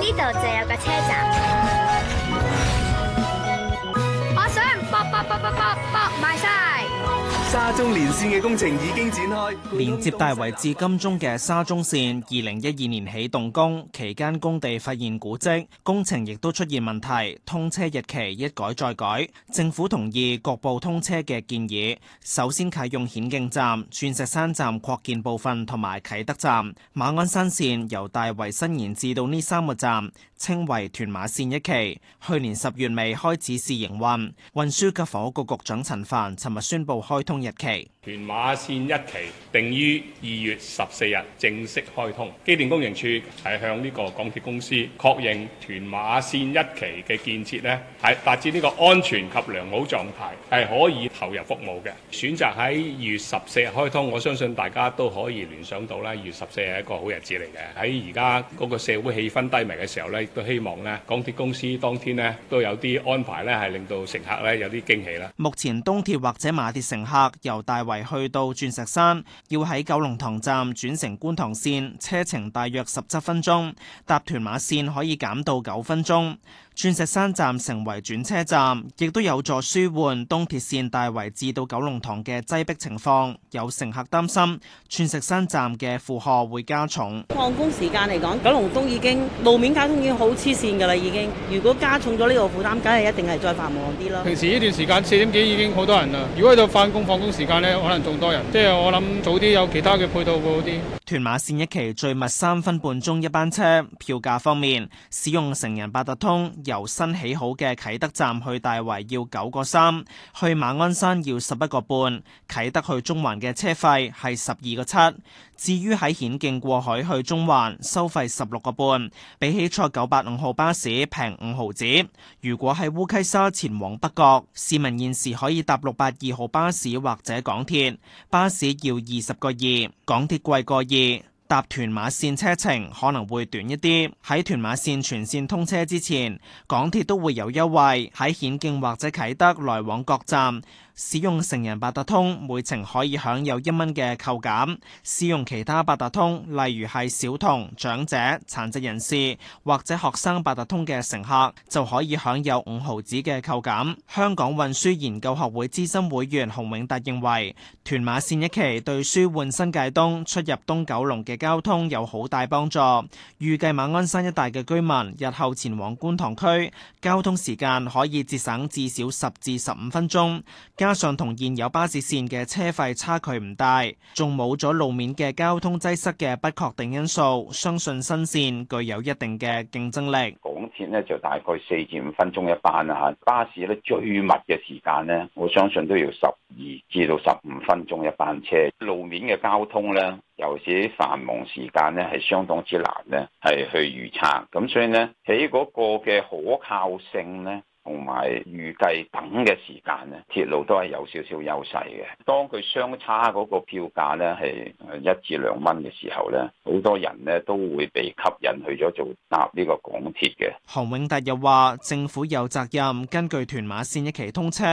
呢度就有個車站。沙中連線嘅工程已經展開，連接大圍至金鐘嘅沙中線，二零一二年起動工，期間工地發現古跡，工程亦都出現問題，通車日期一改再改。政府同意局部通車嘅建議，首先啟用顯徑站、鑽石山站擴建部分同埋啟德站，馬鞍山線由大圍伸延至到呢三個站。稱為屯馬綫一期，去年十月尾開始試營運。運輸及房屋局局長陳帆尋日宣布開通日期。屯馬綫一期定於二月十四日正式開通。機電工程處係向呢個港鐵公司確認屯馬綫一期嘅建設呢係達至呢個安全及良好狀態，係可以投入服務嘅。選擇喺二月十四日開通，我相信大家都可以聯想到啦。二月十四係一個好日子嚟嘅。喺而家嗰個社會氣氛低迷嘅時候呢。亦都希望呢，港鐵公司當天呢都有啲安排呢係令到乘客呢有啲驚喜啦。目前東鐵或者馬鐵乘客由大圍去到鑽石山，要喺九龍塘站轉乘觀塘線，車程大約十七分鐘；搭屯馬線可以減到九分鐘。鑽石山站成為轉車站，亦都有助舒緩東鐵線大圍至到九龍塘嘅擠迫情況。有乘客擔心鑽石山站嘅負荷會加重。放工時間嚟講，九龍東已經路面交通已經好黐線噶啦，已經。如果加重咗呢個負擔，梗係一定係再繁忙啲咯。平時呢段時間四點幾已經好多人啦，如果喺度返工放工時間咧，可能仲多人。即係我諗早啲有其他嘅配套會好啲。屯馬線一期最密三分半鐘一班車，票價方面，使用成人八達通，由新起好嘅啟德站去大圍要九個三，去馬鞍山要十一個半，啟德去中環嘅車費係十二個七。至於喺顯徑過海去中環，收費十六個半，比起坐九八五號巴士平五毫子。如果喺烏溪沙前往北角，市民現時可以搭六八二號巴士或者港鐵，巴士要二十個二，港鐵貴個二。搭屯馬線車程可能會短一啲。喺屯馬線全線通車之前，港鐵都會有優惠喺顯徑或者啟德來往各站。使用成人八達通，每程可以享有一蚊嘅扣減；使用其他八達通，例如係小童、長者、殘疾人士或者學生八達通嘅乘客，就可以享有五毫子嘅扣減。香港運輸研究學會資深會員洪永達認為，屯馬綫一期對紓緩新界東出入東九龍嘅交通有好大幫助。預計馬鞍山一帶嘅居民日後前往觀塘區，交通時間可以節省至少十至十五分鐘。加上同現有巴士線嘅車費差距唔大，仲冇咗路面嘅交通擠塞嘅不確定因素，相信新線具有一定嘅競爭力。港鐵呢就大概四至五分鐘一班啦，巴士咧最密嘅時間呢，我相信都要十二至到十五分鐘一班車。路面嘅交通呢，尤其是繁忙時間呢，係相當之難呢，係去預測，咁所以呢，喺嗰個嘅可靠性呢。同埋預計等嘅時間呢，鐵路都係有少少優勢嘅。當佢相差嗰個票價呢，係一至兩蚊嘅時候呢，好多人呢都會被吸引去咗做搭呢個港鐵嘅。韓永達又話：政府有責任根據屯馬線一期通車，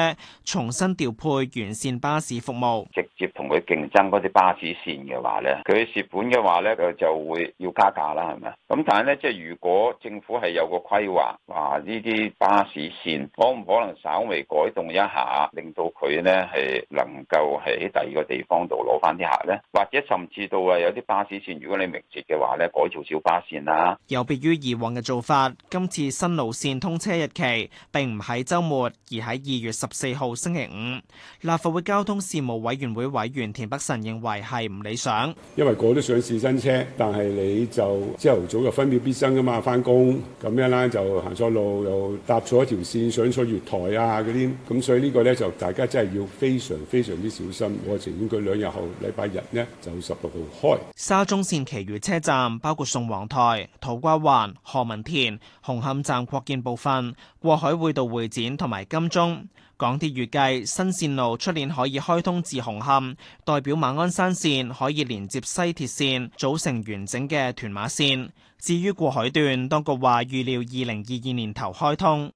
重新調配完善巴士服務。直接同佢競爭嗰啲巴士線嘅話呢，佢蝕本嘅話呢，佢就會要加價啦，係咪啊？咁但係呢，即係如果政府係有個規劃話呢啲巴士，可唔可能稍微改動一下，令到佢呢係能夠喺第二個地方度攞翻啲客呢，或者甚至到啊有啲巴士線，如果你明哲嘅話呢，改條小巴線啦。有別於以往嘅做法，今次新路線通車日期並唔喺周末，而喺二月十四號星期五。立法會交通事務委員會委員田北辰認為係唔理想，因為個都想試新車，但係你就朝頭早就分秒必爭㗎嘛，翻工咁樣啦，就行錯路又搭錯一條。線上咗月台啊！嗰啲咁，所以呢個呢，就大家真係要非常非常之小心。我情願佢兩日後禮拜日呢，就十六號開沙中線。其餘車站包括宋皇台、土瓜灣、何文田、紅磡站擴建部分、過海會道會展同埋金鐘。港鐵預計新線路出年可以開通至紅磡，代表馬鞍山線可以連接西鐵線，組成完整嘅屯馬線。至於過海段，當局話預料二零二二年頭開通。